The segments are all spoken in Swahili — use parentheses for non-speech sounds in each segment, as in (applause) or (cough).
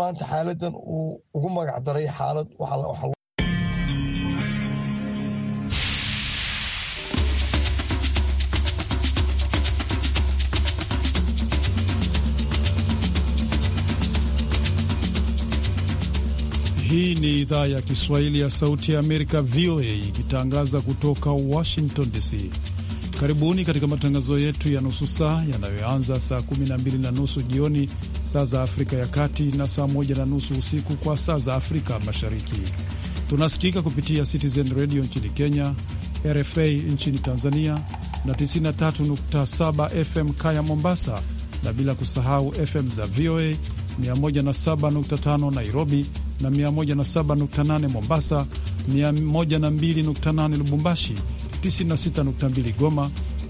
maanta xaaladan uu ugu magac daray xaalad Hii ni idhaa ya Kiswahili ya Sauti ya Amerika, VOA, ikitangaza kutoka Washington DC. Karibuni katika matangazo yetu ya nusu saa yanayoanza saa 12 na nusu jioni saa za Afrika ya Kati na saa moja na nusu usiku kwa saa za Afrika Mashariki. Tunasikika kupitia Citizen Radio nchini Kenya, RFA nchini Tanzania na 93.7 FM Kaya Mombasa, na bila kusahau FM za VOA 107.5 Nairobi na 107.8 Mombasa, 102.8 Lubumbashi, 96.2 Goma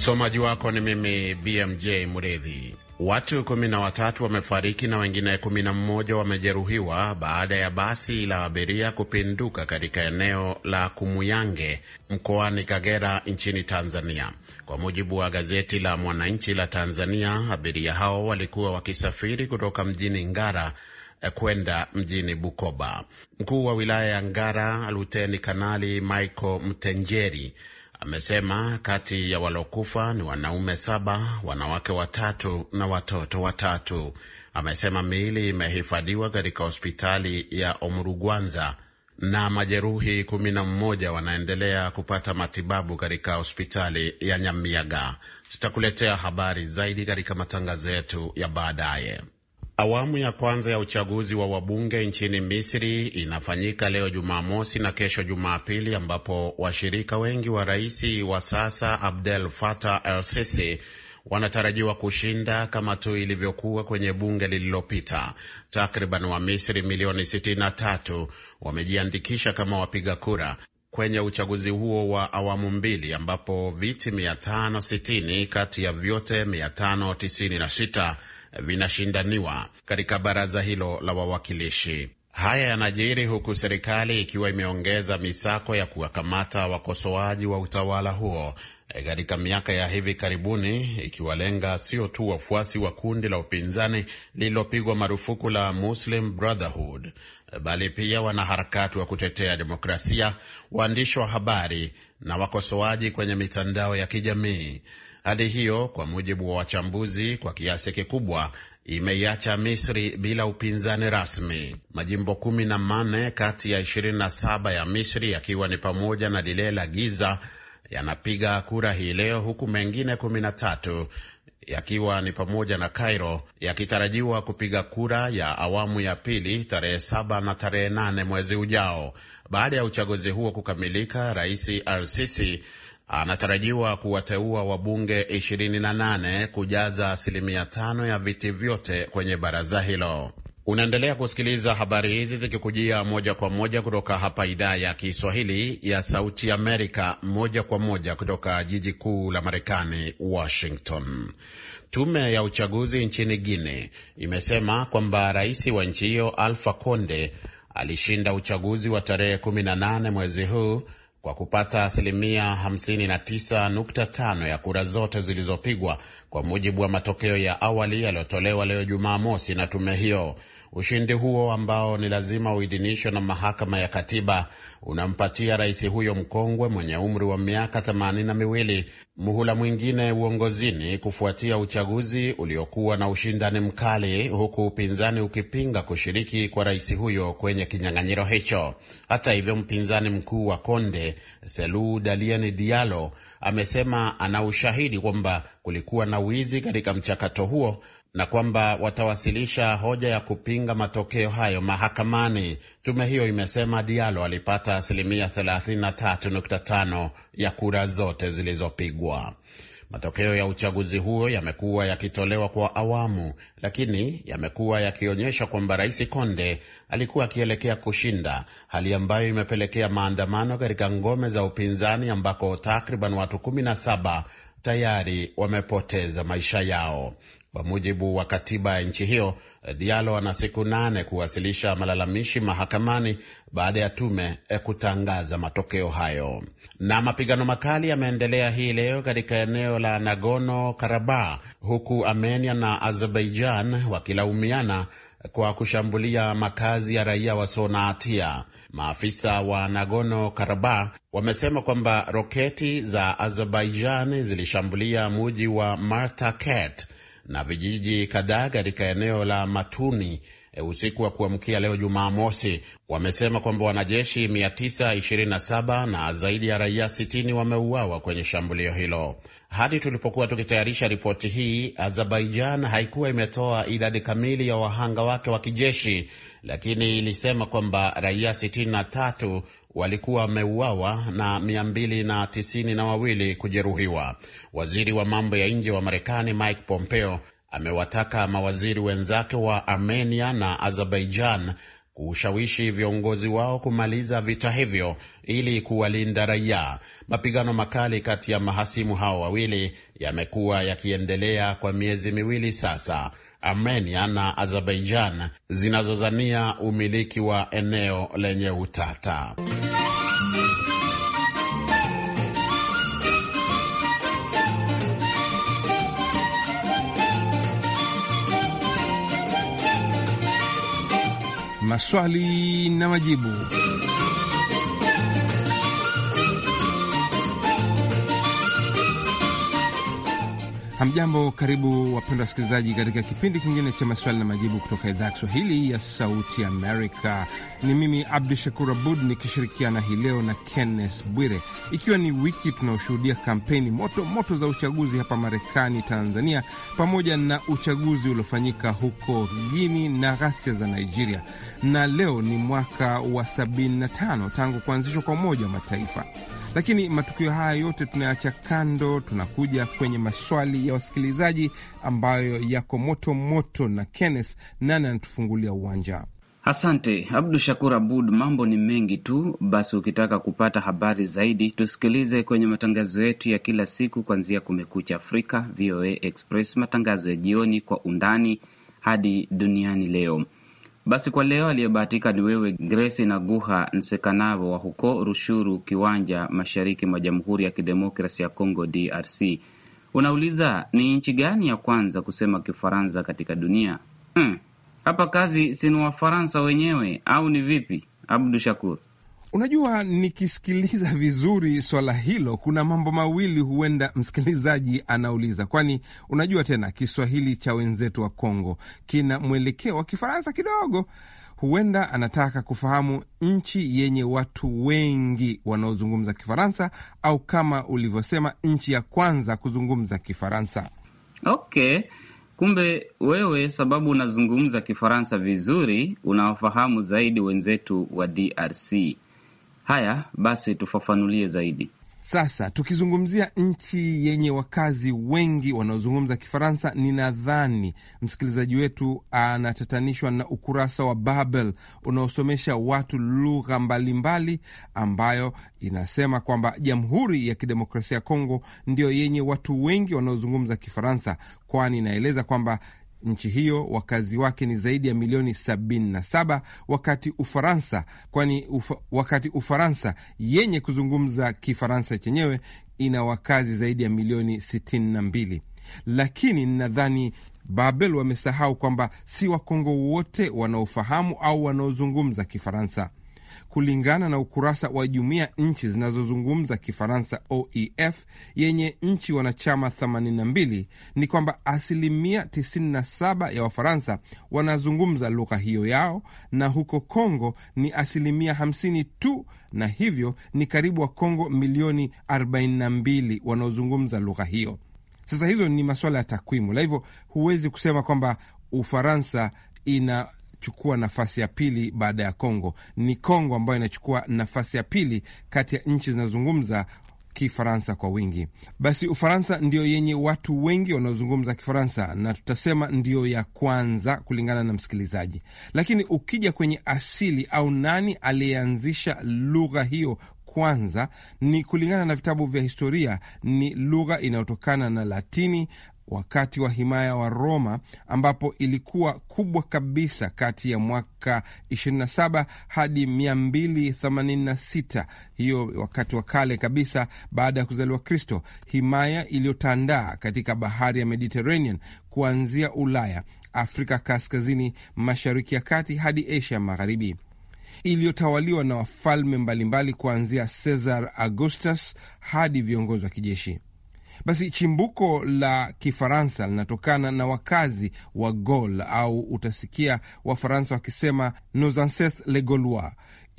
Msomaji wako ni mimi BMJ Mridhi. Watu kumi na watatu wamefariki na wengine kumi na mmoja wamejeruhiwa baada ya basi la abiria kupinduka katika eneo la Kumuyange mkoani Kagera nchini Tanzania. Kwa mujibu wa gazeti la Mwananchi la Tanzania, abiria hao walikuwa wakisafiri kutoka mjini Ngara eh, kwenda mjini Bukoba. Mkuu wa wilaya ya Ngara, Luteni Kanali Michael Mtenjeri Amesema kati ya walokufa ni wanaume saba, wanawake watatu na watoto watatu. Amesema miili imehifadhiwa katika hospitali ya Omurugwanza na majeruhi kumi na mmoja wanaendelea kupata matibabu katika hospitali ya Nyamiaga. Tutakuletea habari zaidi katika matangazo yetu ya baadaye. Awamu ya kwanza ya uchaguzi wa wabunge nchini Misri inafanyika leo Jumamosi na kesho Jumapili, ambapo washirika wengi wa rais wa sasa Abdel Fattah El Sisi wanatarajiwa kushinda kama tu ilivyokuwa kwenye bunge lililopita. Takriban Wamisri milioni 63 wamejiandikisha kama wapiga kura kwenye uchaguzi huo wa awamu mbili ambapo viti 560 kati ya vyote 596 vinashindaniwa katika baraza hilo la wawakilishi. Haya yanajiri huku serikali ikiwa imeongeza misako ya kuwakamata wakosoaji wa utawala huo eh, katika miaka ya hivi karibuni, ikiwalenga sio tu wafuasi wa kundi la upinzani lililopigwa marufuku la Muslim Brotherhood, eh, bali pia wanaharakati wa kutetea demokrasia, waandishi wa habari na wakosoaji kwenye mitandao ya kijamii. Hali hiyo, kwa mujibu wa wachambuzi, kwa kiasi kikubwa imeiacha Misri bila upinzani rasmi. Majimbo kumi na manne kati ya na saba ya Misri yakiwa ni pamoja na lile la Giza yanapiga kura hii leo, huku mengine kumi na tatu yakiwa ni pamoja na Cairo yakitarajiwa kupiga kura ya awamu ya pili tarehe saba na tarehe nane mwezi ujao. Baada ya uchaguzi huo kukamilika, Rais al-Sisi anatarajiwa kuwateua wabunge 28 kujaza asilimia tano ya viti vyote kwenye baraza hilo. Unaendelea kusikiliza habari hizi zikikujia moja kwa moja kutoka hapa idhaa ya Kiswahili ya Sauti Amerika, moja kwa moja kutoka jiji kuu la Marekani, Washington. Tume ya uchaguzi nchini Guinea imesema kwamba rais wa nchi hiyo Alfa Conde alishinda uchaguzi wa tarehe 18 mwezi huu kwa kupata asilimia 59.5 ya kura zote zilizopigwa kwa mujibu wa matokeo ya awali yaliyotolewa leo Jumamosi na tume hiyo. Ushindi huo ambao ni lazima uidhinishwe na mahakama ya katiba unampatia rais huyo mkongwe mwenye umri wa miaka themanini na miwili muhula mwingine uongozini kufuatia uchaguzi uliokuwa na ushindani mkali, huku upinzani ukipinga kushiriki kwa rais huyo kwenye kinyang'anyiro hicho. Hata hivyo, mpinzani mkuu wa Konde Selu Daliani Dialo amesema ana ushahidi kwamba kulikuwa na wizi katika mchakato huo na kwamba watawasilisha hoja ya kupinga matokeo hayo mahakamani. Tume hiyo imesema dialo alipata asilimia 33.5 ya kura zote zilizopigwa. Matokeo ya uchaguzi huo yamekuwa yakitolewa kwa awamu, lakini yamekuwa yakionyesha kwamba Rais Konde alikuwa akielekea kushinda, hali ambayo imepelekea maandamano katika ngome za upinzani ambako takriban watu 17 tayari wamepoteza maisha yao. Kwa mujibu wa katiba ya nchi hiyo, dialo ana siku nane kuwasilisha malalamishi mahakamani baada ya tume eh, kutangaza matokeo hayo. Na mapigano makali yameendelea hii leo katika eneo la nagono Karabakh, huku Armenia na Azerbaijan wakilaumiana eh, kwa kushambulia makazi ya raia wasio na hatia. Maafisa wa nagono Karabakh wamesema kwamba roketi za Azerbaijan zilishambulia muji wa Martaket na vijiji kadhaa katika eneo la Matuni e, usiku wa kuamkia leo Jumamosi, wamesema kwamba wanajeshi 927 na zaidi ya raia 60 wameuawa kwenye shambulio hilo. Hadi tulipokuwa tukitayarisha ripoti hii, Azerbaijan haikuwa imetoa idadi kamili ya wahanga wake wa kijeshi, lakini ilisema kwamba raia 63 walikuwa wameuawa na mia mbili na tisini na wawili kujeruhiwa. Waziri wa mambo ya nje wa Marekani Mike Pompeo amewataka mawaziri wenzake wa Armenia na Azerbaijan kushawishi viongozi wao kumaliza vita hivyo ili kuwalinda raia. Mapigano makali kati ya mahasimu hao wawili yamekuwa yakiendelea kwa miezi miwili sasa. Armenia na Azerbaijan zinazozania umiliki wa eneo lenye utata. Maswali na majibu. Hamjambo, karibu wapendwa wasikilizaji, katika kipindi kingine cha maswali na majibu kutoka idhaa ya Kiswahili ya Sauti Amerika. Ni mimi Abdu Shakur Abud nikishirikiana hii leo na Kenneth Bwire, ikiwa ni wiki tunaoshuhudia kampeni moto moto za uchaguzi hapa Marekani, Tanzania, pamoja na uchaguzi uliofanyika huko Guini na ghasia za Nigeria, na leo ni mwaka wa 75 tangu kuanzishwa kwa Umoja wa Mataifa. Lakini matukio haya yote tunayacha kando, tunakuja kwenye maswali ya wasikilizaji ambayo yako moto moto, na Kenneth nane anatufungulia uwanja. Asante Abdu Shakur Abud, mambo ni mengi tu. Basi ukitaka kupata habari zaidi, tusikilize kwenye matangazo yetu ya kila siku kuanzia Kumekucha Afrika, VOA Express, matangazo ya jioni, Kwa Undani hadi Duniani Leo. Basi kwa leo aliyebahatika ni wewe Grace na Guha Nsekanavo wa huko Rushuru Kiwanja, mashariki mwa Jamhuri ya Kidemokrasi ya congo DRC. Unauliza, ni nchi gani ya kwanza kusema Kifaransa katika dunia? Hmm, hapa kazi sini Wafaransa wenyewe au ni vipi? Abdu Shakur. Unajua, nikisikiliza vizuri swala hilo, kuna mambo mawili huenda msikilizaji anauliza, kwani unajua tena Kiswahili cha wenzetu wa Kongo kina mwelekeo wa Kifaransa kidogo. Huenda anataka kufahamu nchi yenye watu wengi wanaozungumza Kifaransa au kama ulivyosema, nchi ya kwanza kuzungumza Kifaransa. Okay, kumbe wewe, sababu unazungumza Kifaransa vizuri, unawafahamu zaidi wenzetu wa DRC. Haya basi, tufafanulie zaidi. Sasa tukizungumzia nchi yenye wakazi wengi wanaozungumza Kifaransa, ninadhani msikilizaji wetu anatatanishwa na ukurasa wa Babel unaosomesha watu lugha mbalimbali, ambayo inasema kwamba Jamhuri ya Kidemokrasia ya Kongo ndio yenye watu wengi wanaozungumza Kifaransa, kwani inaeleza kwamba Nchi hiyo wakazi wake ni zaidi ya milioni 77, wakati Ufaransa kwani ufa, wakati Ufaransa yenye kuzungumza Kifaransa chenyewe ina wakazi zaidi ya milioni 62. Lakini nadhani Babel wamesahau kwamba si Wakongo wote wanaofahamu au wanaozungumza Kifaransa kulingana na ukurasa wa jumuiya nchi zinazozungumza Kifaransa OEF yenye nchi wanachama 82 ni kwamba asilimia 97 ya Wafaransa wanazungumza lugha hiyo yao, na huko Kongo ni asilimia 50 tu, na hivyo ni karibu wa Kongo milioni 42 wanaozungumza lugha hiyo. Sasa hizo ni masuala ya takwimu, la hivyo huwezi kusema kwamba Ufaransa ina inachukua nafasi ya pili baada ya Kongo. Ni Kongo ambayo inachukua nafasi ya pili kati ya nchi zinazozungumza Kifaransa kwa wingi. Basi Ufaransa ndio yenye watu wengi wanaozungumza Kifaransa, na tutasema ndiyo ya kwanza kulingana na msikilizaji. Lakini ukija kwenye asili au nani aliyeanzisha lugha hiyo kwanza, ni kulingana na vitabu vya historia, ni lugha inayotokana na Latini wakati wa himaya wa Roma ambapo ilikuwa kubwa kabisa kati ya mwaka 27 hadi 286. Hiyo wakati wa kale kabisa baada ya kuzaliwa Kristo, himaya iliyotandaa katika bahari ya Mediterranean kuanzia Ulaya, Afrika kaskazini, mashariki ya kati hadi Asia magharibi iliyotawaliwa na wafalme mbalimbali kuanzia Caesar Augustus hadi viongozi wa kijeshi. Basi chimbuko la Kifaransa linatokana na wakazi wa gol au utasikia Wafaransa wakisema nos ancestres les Gaulois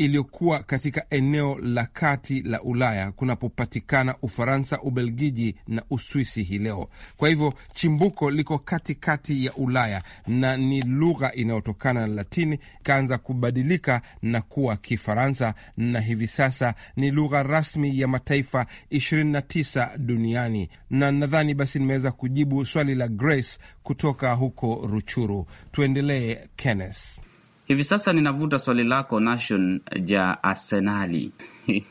iliyokuwa katika eneo la kati la Ulaya kunapopatikana Ufaransa, Ubelgiji na Uswisi hii leo. Kwa hivyo chimbuko liko katikati kati ya Ulaya na ni lugha inayotokana na Latini, ikaanza kubadilika na kuwa Kifaransa na hivi sasa ni lugha rasmi ya mataifa 29 duniani. Na nadhani basi nimeweza kujibu swali la Grace kutoka huko Ruchuru. Tuendelee, Kenneth. Hivi sasa ninavuta swali lako Nation ja Arsenali.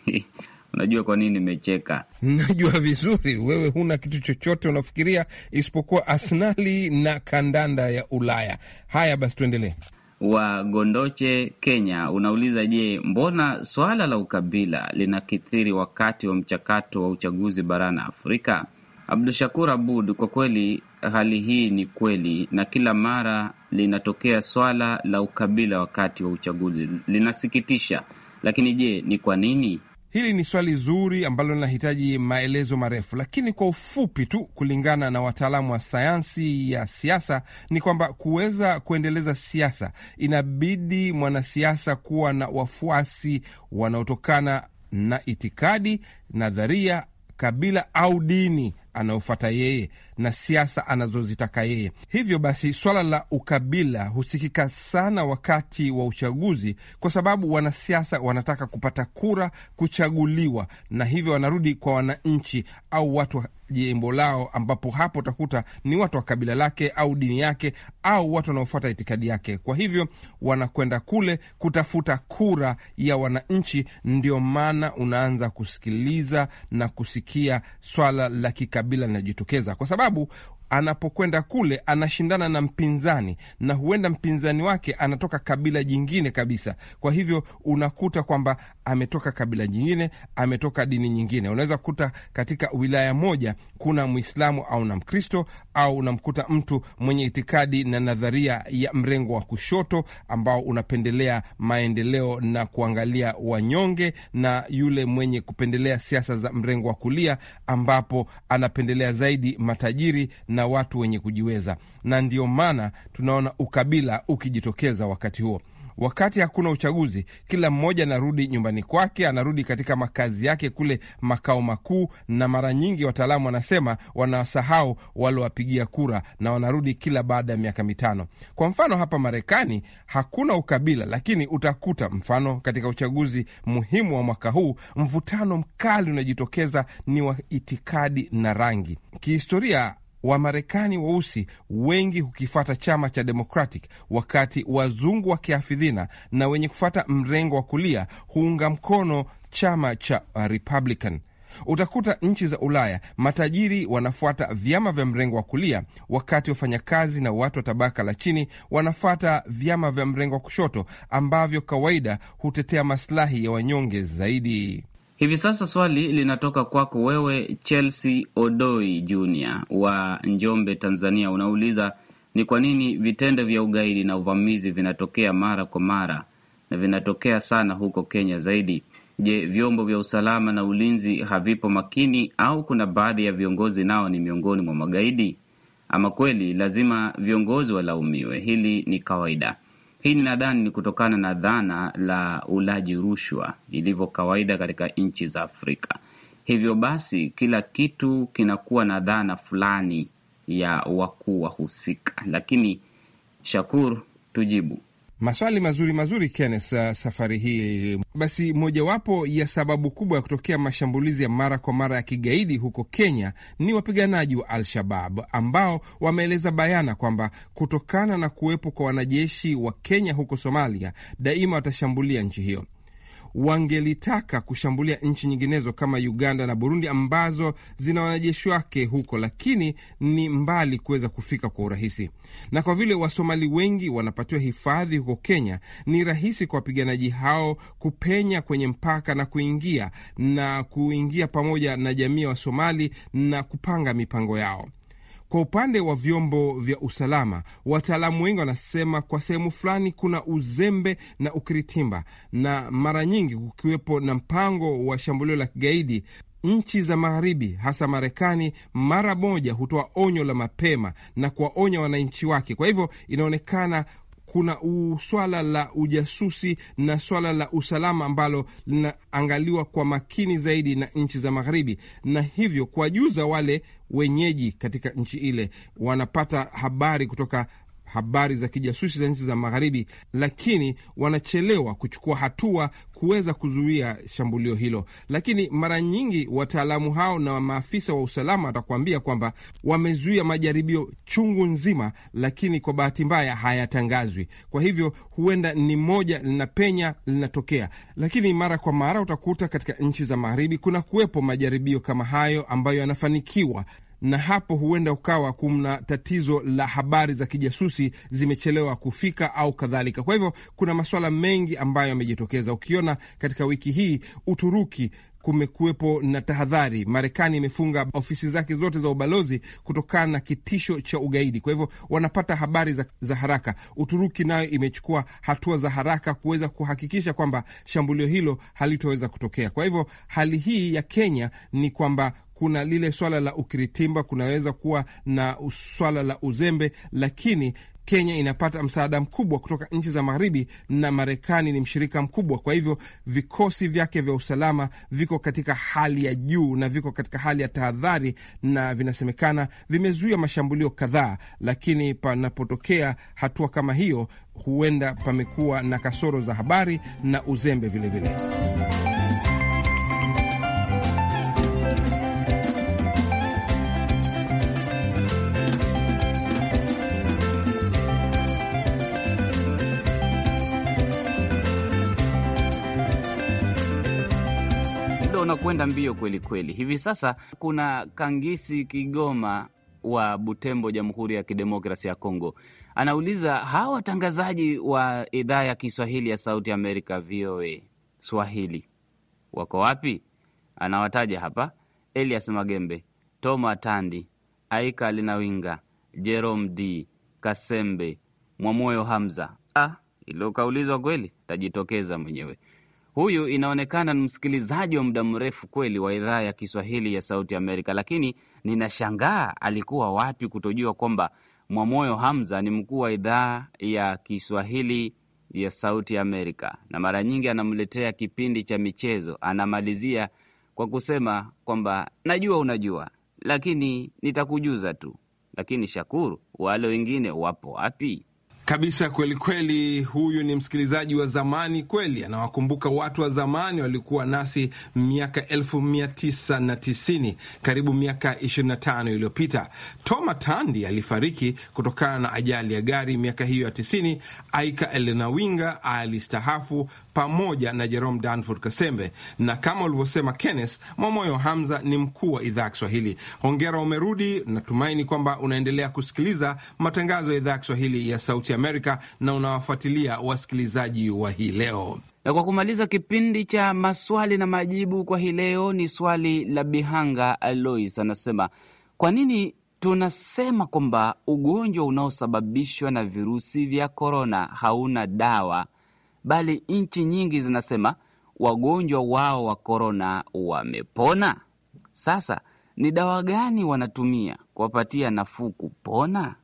(laughs) Unajua kwa nini nimecheka? Najua vizuri, wewe huna kitu chochote unafikiria isipokuwa Arsenali na kandanda ya Ulaya. Haya basi, tuendelee. Wa Gondoche, Kenya unauliza, je, mbona swala la ukabila linakithiri wakati wa mchakato wa uchaguzi barani Afrika? Abdushakur Abud, kwa kweli hali hii ni kweli, na kila mara linatokea swala la ukabila wakati wa uchaguzi. Linasikitisha, lakini je, ni kwa nini? Hili ni swali zuri ambalo linahitaji maelezo marefu, lakini kwa ufupi tu, kulingana na wataalamu wa sayansi ya siasa, ni kwamba kuweza kuendeleza siasa inabidi mwanasiasa kuwa na wafuasi wanaotokana na itikadi, nadharia, kabila au dini anayofuata yeye na siasa anazozitaka yeye. Hivyo basi, swala la ukabila husikika sana wakati wa uchaguzi, kwa sababu wanasiasa wanataka kupata kura, kuchaguliwa, na hivyo wanarudi kwa wananchi au watu wa jimbo lao, ambapo hapo utakuta ni watu wa kabila lake au dini yake au watu wanaofuata itikadi yake. Kwa hivyo wanakwenda kule kutafuta kura ya wananchi. Ndio maana unaanza kusikiliza na kusikia swala la kikabila kabila linajitokeza, kwa sababu anapokwenda kule anashindana na mpinzani, na huenda mpinzani wake anatoka kabila jingine kabisa. Kwa hivyo unakuta kwamba ametoka kabila jingine, ametoka dini nyingine. Unaweza kukuta katika wilaya moja kuna Mwislamu au na Mkristo, au unamkuta mtu mwenye itikadi na nadharia ya mrengo wa kushoto ambao unapendelea maendeleo na kuangalia wanyonge, na yule mwenye kupendelea siasa za mrengo wa kulia ambapo anapendelea zaidi matajiri na na watu wenye kujiweza, na ndiyo maana tunaona ukabila ukijitokeza wakati huo. Wakati hakuna uchaguzi, kila mmoja anarudi nyumbani kwake, anarudi katika makazi yake kule makao makuu, na mara nyingi wataalamu wanasema wanawasahau waliowapigia kura na wanarudi kila baada ya miaka mitano. Kwa mfano hapa Marekani hakuna ukabila, lakini utakuta mfano katika uchaguzi muhimu wa mwaka huu mvutano mkali unajitokeza, ni wa itikadi na rangi. Kihistoria Wamarekani weusi wengi hukifuata chama cha Democratic, wakati wazungu wa kiafidhina na wenye kufuata mrengo wa kulia huunga mkono chama cha uh, Republican. Utakuta nchi za Ulaya matajiri wanafuata vyama vya mrengo wa kulia, wakati wafanyakazi na watu wa tabaka la chini wanafuata vyama vya mrengo wa kushoto ambavyo kawaida hutetea maslahi ya wanyonge zaidi. Hivi sasa swali linatoka kwako wewe Chelsea Odoi Junior wa Njombe, Tanzania. Unauliza ni kwa nini vitendo vya ugaidi na uvamizi vinatokea mara kwa mara na vinatokea sana huko Kenya zaidi. Je, vyombo vya usalama na ulinzi havipo makini au kuna baadhi ya viongozi nao ni miongoni mwa magaidi? Ama kweli lazima viongozi walaumiwe, hili ni kawaida. Hii ni nadhani ni kutokana na dhana la ulaji rushwa ilivyo kawaida katika nchi za Afrika. Hivyo basi kila kitu kinakuwa na dhana fulani ya wakuu wahusika. Lakini Shakur, tujibu Maswali mazuri mazuri, Kenneth, safari hii. Basi mojawapo ya sababu kubwa ya kutokea mashambulizi ya mara kwa mara ya kigaidi huko Kenya ni wapiganaji wa Al-Shabab ambao wameeleza bayana kwamba kutokana na kuwepo kwa wanajeshi wa Kenya huko Somalia, daima watashambulia nchi hiyo wangelitaka kushambulia nchi nyinginezo kama Uganda na Burundi ambazo zina wanajeshi wake huko, lakini ni mbali kuweza kufika kwa urahisi. Na kwa vile Wasomali wengi wanapatiwa hifadhi huko Kenya, ni rahisi kwa wapiganaji hao kupenya kwenye mpaka na kuingia na kuingia pamoja na jamii ya Wasomali na kupanga mipango yao. Kwa upande wa vyombo vya usalama, wataalamu wengi wanasema kwa sehemu fulani kuna uzembe na ukiritimba, na mara nyingi kukiwepo na mpango wa shambulio la kigaidi. Nchi za Magharibi, hasa Marekani, mara moja hutoa onyo la mapema na kuwaonya wananchi wake. Kwa hivyo inaonekana kuna swala la ujasusi na swala la usalama ambalo linaangaliwa kwa makini zaidi na nchi za Magharibi, na hivyo kuwajuza wale wenyeji katika nchi ile, wanapata habari kutoka habari za kijasusi za nchi za Magharibi, lakini wanachelewa kuchukua hatua kuweza kuzuia shambulio hilo. Lakini mara nyingi wataalamu hao na maafisa wa usalama watakuambia kwamba wamezuia majaribio chungu nzima, lakini kwa bahati mbaya hayatangazwi. Kwa hivyo huenda ni moja linapenya linatokea, lakini mara kwa mara utakuta katika nchi za Magharibi kuna kuwepo majaribio kama hayo ambayo yanafanikiwa na hapo huenda ukawa kuna tatizo la habari za kijasusi zimechelewa kufika au kadhalika. Kwa hivyo kuna masuala mengi ambayo yamejitokeza. Ukiona katika wiki hii Uturuki kumekuwepo na tahadhari. Marekani imefunga ofisi zake zote za ubalozi kutokana na kitisho cha ugaidi. Kwa hivyo wanapata habari za, za haraka. Uturuki nayo imechukua hatua za haraka kuweza kuhakikisha kwamba shambulio hilo halitoweza kutokea. Kwa hivyo hali hii ya Kenya ni kwamba kuna lile swala la ukiritimba, kunaweza kuwa na swala la uzembe, lakini Kenya inapata msaada mkubwa kutoka nchi za magharibi na Marekani ni mshirika mkubwa. Kwa hivyo vikosi vyake vya usalama viko katika hali ya juu na viko katika hali ya tahadhari, na vinasemekana vimezuia mashambulio kadhaa, lakini panapotokea hatua kama hiyo, huenda pamekuwa na kasoro za habari na uzembe vilevile vile. kwenda mbio kweli kweli. Hivi sasa kuna Kangisi Kigoma wa Butembo, Jamhuri ya Kidemokrasi ya Kongo, anauliza hawa watangazaji wa idhaa ya Kiswahili ya Sauti Amerika, VOA Swahili, wako wapi? Anawataja hapa: Elias Magembe, Toma Tandi, Aika Linawinga, Jerome D Kasembe, Mwamoyo Hamza. Ah, ilo kweli, tajitokeza mwenyewe. Huyu inaonekana ni msikilizaji wa muda mrefu kweli wa idhaa ya Kiswahili ya Sauti Amerika, lakini ninashangaa alikuwa wapi kutojua kwamba Mwamoyo Hamza ni mkuu wa idhaa ya Kiswahili ya Sauti Amerika, na mara nyingi anamletea kipindi cha michezo. Anamalizia kwa kusema kwamba najua unajua, lakini nitakujuza tu. Lakini Shakuru, wale wengine wapo wapi? kabisa kweli kweli. Huyu ni msikilizaji wa zamani kweli, anawakumbuka watu wa zamani walikuwa nasi miaka elfu na tisini karibu miaka 25 iliyopita. Toma Tandi alifariki kutokana na ajali ya gari miaka hiyo ya tisini. Aika Winga alistahafu pamoja na Jerome Danford Kasembe, na kama ulivyosema Kenneth Mwamoyo Hamza ni mkuu wa idhaa ya Kiswahili. Hongera umerudi, natumaini kwamba unaendelea kusikiliza matangazo ya idhaa ya Kiswahili ya Sauti Amerika na unawafuatilia wasikilizaji wa hii leo. Na kwa kumaliza kipindi cha maswali na majibu kwa hii leo, ni swali la Bihanga Alois, anasema kwa nini tunasema kwamba ugonjwa unaosababishwa na virusi vya korona hauna dawa, bali nchi nyingi zinasema wagonjwa wao wa korona wamepona. Sasa ni dawa gani wanatumia kuwapatia nafuu kupona?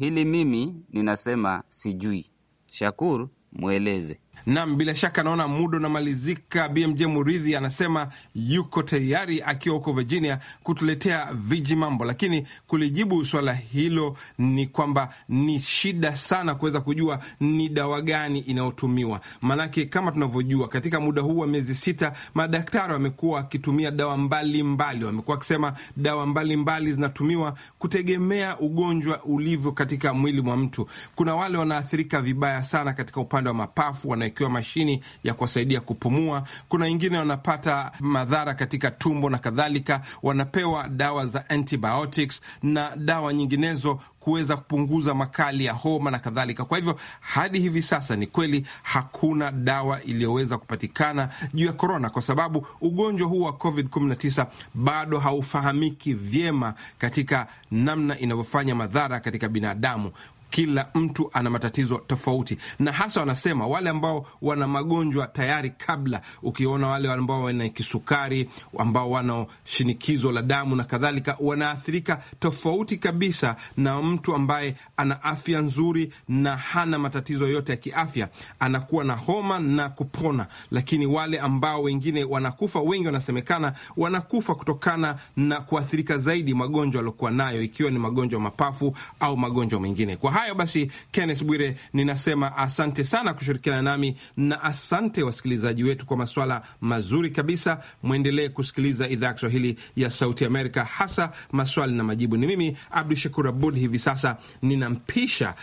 Hili mimi ninasema sijui. Shakur mweleze Nam, bila shaka naona muda unamalizika. BMJ Muridhi anasema yuko tayari akiwa huko Virginia kutuletea viji mambo, lakini kulijibu swala hilo ni kwamba ni shida sana kuweza kujua ni dawa gani inayotumiwa, maanake kama tunavyojua, katika muda huu wa miezi sita madaktari wamekuwa wakitumia dawa mbalimbali, wamekuwa wakisema dawa mbalimbali zinatumiwa kutegemea ugonjwa ulivyo katika mwili mwa mtu. Kuna wale wanaathirika vibaya sana katika upande wa mapafu wana wanawekewa mashini ya kuwasaidia kupumua. Kuna wengine wanapata madhara katika tumbo na kadhalika, wanapewa dawa za antibiotics na dawa nyinginezo kuweza kupunguza makali ya homa na kadhalika. Kwa hivyo hadi hivi sasa ni kweli hakuna dawa iliyoweza kupatikana juu ya korona, kwa sababu ugonjwa huu wa COVID-19 bado haufahamiki vyema katika namna inavyofanya madhara katika binadamu kila mtu ana matatizo tofauti, na hasa wanasema wale ambao wana magonjwa tayari kabla. Ukiona wale ambao wana kisukari, ambao wana shinikizo la damu na kadhalika, wanaathirika tofauti kabisa na mtu ambaye ana afya nzuri na hana matatizo yote ya kiafya, anakuwa na homa na kupona. Lakini wale ambao wengine wanakufa, wengi wanasemekana wanakufa kutokana na kuathirika zaidi magonjwa aliokuwa nayo, ikiwa ni magonjwa mapafu au magonjwa mengine kwa hayo basi, Kenneth Bwire, ninasema asante sana kushirikiana nami na asante wasikilizaji wetu kwa maswala mazuri kabisa. Mwendelee kusikiliza idhaa ya Kiswahili ya Sauti Amerika, hasa maswali na majibu. Ni mimi Abdu Shakur Abud. Hivi sasa ninampisha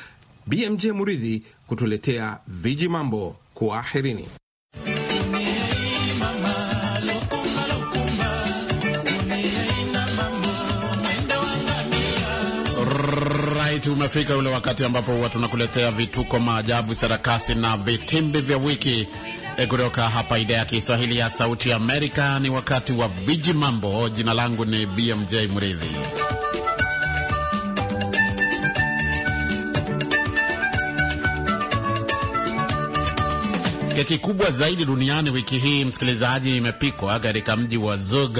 BMJ Muridhi kutuletea viji mambo. Kwaherini. Mkamiti, umefika ule wakati ambapo huwa tunakuletea vituko, maajabu, sarakasi na vitimbi vya wiki e, kutoka hapa idhaa ya Kiswahili ya Sauti Amerika. Ni wakati wa viji mambo. Jina langu ni BMJ Mridhi. Keki kubwa zaidi duniani wiki hii, msikilizaji, imepikwa katika mji wa Zug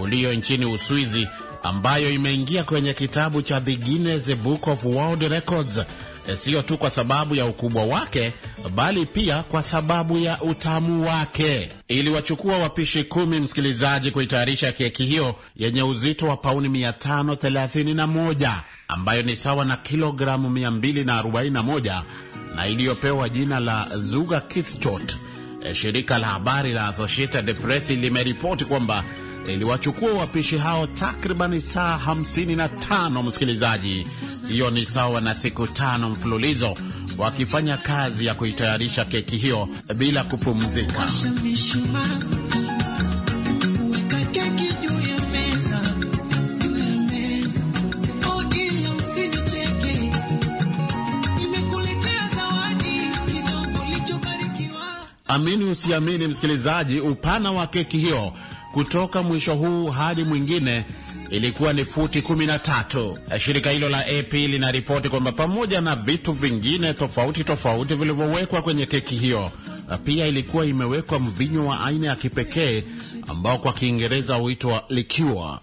ulio nchini Uswizi ambayo imeingia kwenye kitabu cha The Guinness Book of World Records, eh, siyo tu kwa sababu ya ukubwa wake bali pia kwa sababu ya utamu wake. Iliwachukua wapishi kumi, msikilizaji, kuitayarisha keki hiyo yenye uzito wa pauni 531 ambayo ni sawa na kilogramu 241 na iliyopewa jina la Zuga Kistot. Eh, shirika la habari la Associated Press limeripoti kwamba iliwachukua wapishi hao takribani saa 55, msikilizaji. Hiyo ni sawa na siku tano mfululizo wakifanya kazi ya kuitayarisha keki hiyo bila kupumzika. Amini usiamini, msikilizaji, upana wa keki hiyo kutoka mwisho huu hadi mwingine ilikuwa ni futi 13. Shirika hilo la AP linaripoti kwamba pamoja na vitu vingine tofauti tofauti vilivyowekwa kwenye keki hiyo, pia ilikuwa imewekwa mvinyo wa aina ya kipekee ambao kwa Kiingereza huitwa likiwa.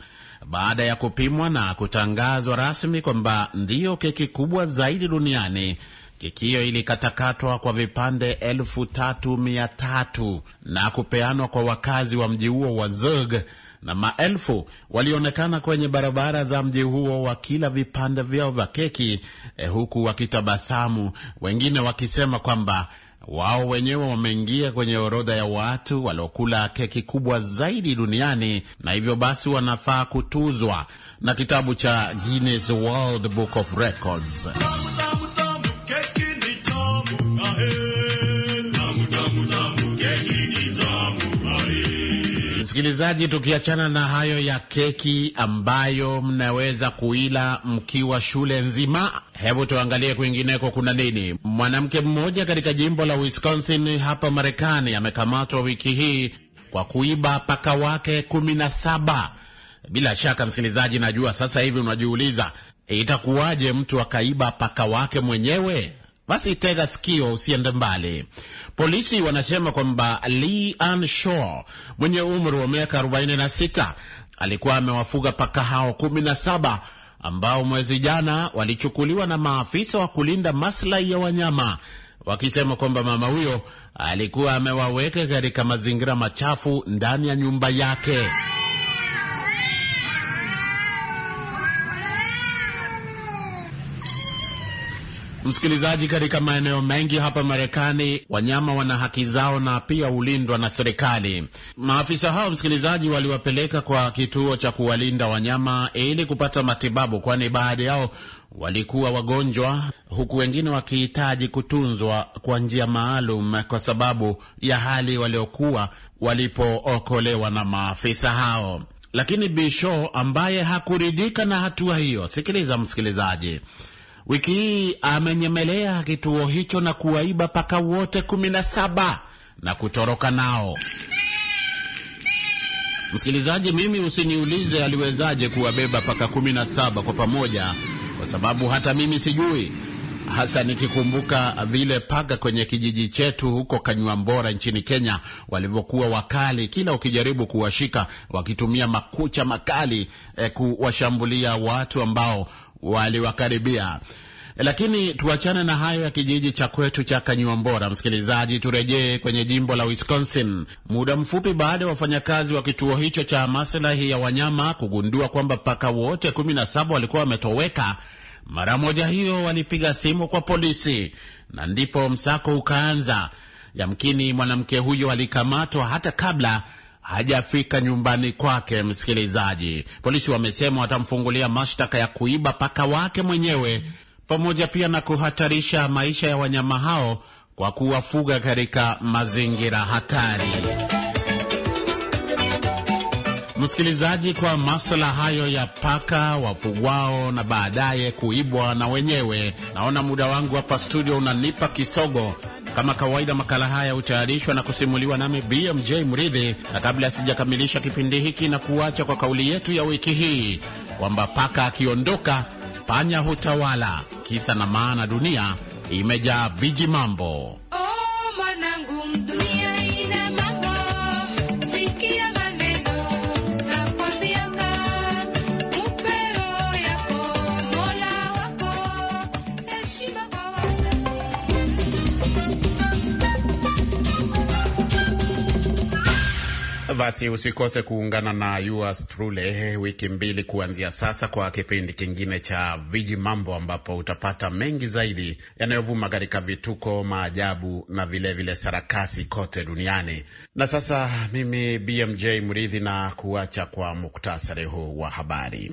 Baada ya kupimwa na kutangazwa rasmi kwamba ndiyo keki kubwa zaidi duniani keki hiyo ilikatakatwa kwa vipande elfu tatu mia tatu na kupeanwa kwa wakazi wa mji huo wa Zug, na maelfu walionekana kwenye barabara za mji huo wakila vipande vyao vya keki eh, huku wakitabasamu, wengine wakisema kwamba wao wenyewe wameingia kwenye orodha ya watu waliokula keki kubwa zaidi duniani na hivyo basi wanafaa kutuzwa na kitabu cha Guinness World Book of Records. Msikilizaji, tukiachana na hayo ya keki ambayo mnaweza kuila mkiwa shule nzima, hebu tuangalie kwingineko kuna nini. Mwanamke mmoja katika jimbo la Wisconsin hapa Marekani amekamatwa wiki hii kwa kuiba paka wake kumi na saba. Bila shaka, msikilizaji, najua sasa hivi unajiuliza itakuwaje mtu akaiba paka wake mwenyewe? Basi tega sikio, usiende mbali. Polisi wanasema kwamba Lee Ann Shaw mwenye umri wa miaka 46 alikuwa amewafuga paka hao 17 ambao mwezi jana walichukuliwa na maafisa wa kulinda maslahi ya wanyama wakisema kwamba mama huyo alikuwa amewaweka katika mazingira machafu ndani ya nyumba yake. Msikilizaji, katika maeneo mengi hapa Marekani wanyama wana haki zao na pia hulindwa na serikali. Maafisa hao, msikilizaji, waliwapeleka kwa kituo cha kuwalinda wanyama ili kupata matibabu, kwani baadhi yao walikuwa wagonjwa, huku wengine wakihitaji kutunzwa kwa njia maalum kwa sababu ya hali waliokuwa walipookolewa na maafisa hao. Lakini Bisho ambaye hakuridhika na hatua hiyo, sikiliza msikilizaji wiki hii amenyemelea kituo hicho na kuwaiba paka wote kumi na saba na kutoroka nao. Msikilizaji, mimi usiniulize aliwezaje kuwabeba paka kumi na saba kwa pamoja, kwa sababu hata mimi sijui, hasa nikikumbuka vile paka kwenye kijiji chetu huko mbora nchini Kenya walivyokuwa wakali, kila ukijaribu kuwashika wakitumia makucha makali eh, kuwashambulia watu ambao waliwakaribia. Lakini tuachane na hayo ya kijiji cha kwetu cha Kanyuambora, msikilizaji, turejee kwenye jimbo la Wisconsin. Muda mfupi baada ya wafanyakazi wa kituo hicho cha maslahi ya wanyama kugundua kwamba paka wote 17 walikuwa wametoweka, mara moja hiyo walipiga simu kwa polisi na ndipo msako ukaanza. Yamkini mwanamke huyo alikamatwa hata kabla hajafika nyumbani kwake. Msikilizaji, polisi wamesema watamfungulia mashtaka ya kuiba paka wake mwenyewe pamoja pia na kuhatarisha maisha ya wanyama hao kwa kuwafuga katika mazingira hatari. Msikilizaji, kwa maswala hayo ya paka wafugwao na baadaye kuibwa na wenyewe, naona muda wangu hapa studio unanipa kisogo. Kama kawaida, makala haya hutayarishwa na kusimuliwa nami BMJ Mridhi, na kabla sijakamilisha kipindi hiki na kuacha kwa kauli yetu ya wiki hii kwamba paka akiondoka panya hutawala. Kisa na maana, dunia imejaa viji mambo. Oh, dunia Basi usikose kuungana na Yuas Trule wiki mbili kuanzia sasa kwa kipindi kingine cha Viji Mambo, ambapo utapata mengi zaidi yanayovuma katika vituko, maajabu na vilevile vile sarakasi kote duniani. Na sasa mimi BMJ Mridhi na kuacha kwa muktasari huu wa habari.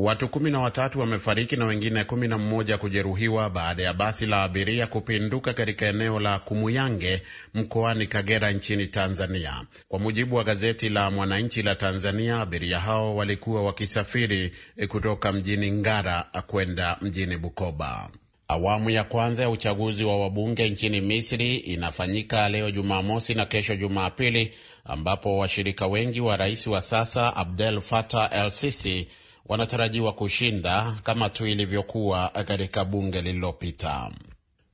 Watu kumi na watatu wamefariki na wengine kumi na mmoja kujeruhiwa baada ya basi la abiria kupinduka katika eneo la Kumuyange mkoani Kagera nchini Tanzania. Kwa mujibu wa gazeti la Mwananchi la Tanzania, abiria hao walikuwa wakisafiri eh, kutoka mjini Ngara kwenda mjini Bukoba. Awamu ya kwanza ya uchaguzi wa wabunge nchini Misri inafanyika leo Jumamosi na kesho Jumapili, ambapo washirika wengi wa rais wa sasa Abdel Fattah el Sisi wanatarajiwa kushinda kama tu ilivyokuwa katika bunge lililopita.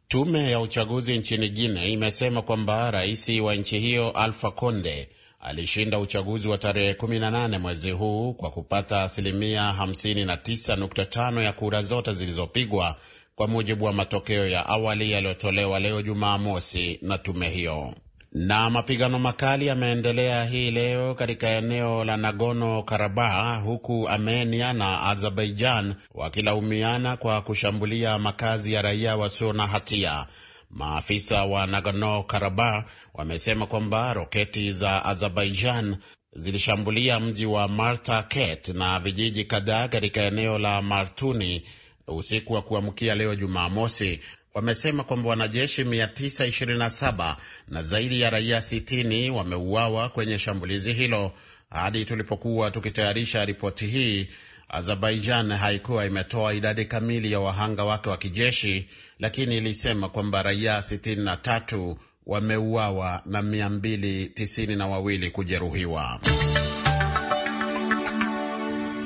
Tume ya uchaguzi nchini Guinea imesema kwamba rais wa nchi hiyo Alpha Conde alishinda uchaguzi wa tarehe 18 mwezi huu kwa kupata asilimia 59.5 ya kura zote zilizopigwa kwa mujibu wa matokeo ya awali yaliyotolewa leo Jumamosi na tume hiyo. Na mapigano makali yameendelea hii leo katika eneo la Nagorno Karabakh huku Armenia na Azerbaijan wakilaumiana kwa kushambulia makazi ya raia wasio na hatia. Maafisa wa Nagorno Karabakh wamesema kwamba roketi za Azerbaijan zilishambulia mji wa Marta Ket na vijiji kadhaa katika eneo la Martuni usiku wa kuamkia leo Jumamosi, wamesema kwamba wanajeshi 927 na zaidi ya raia 60 wameuawa kwenye shambulizi hilo. Hadi tulipokuwa tukitayarisha ripoti hii, Azerbaijan haikuwa imetoa idadi kamili ya wahanga wake wa kijeshi, lakini ilisema kwamba raia 63 wameuawa na 292 kujeruhiwa.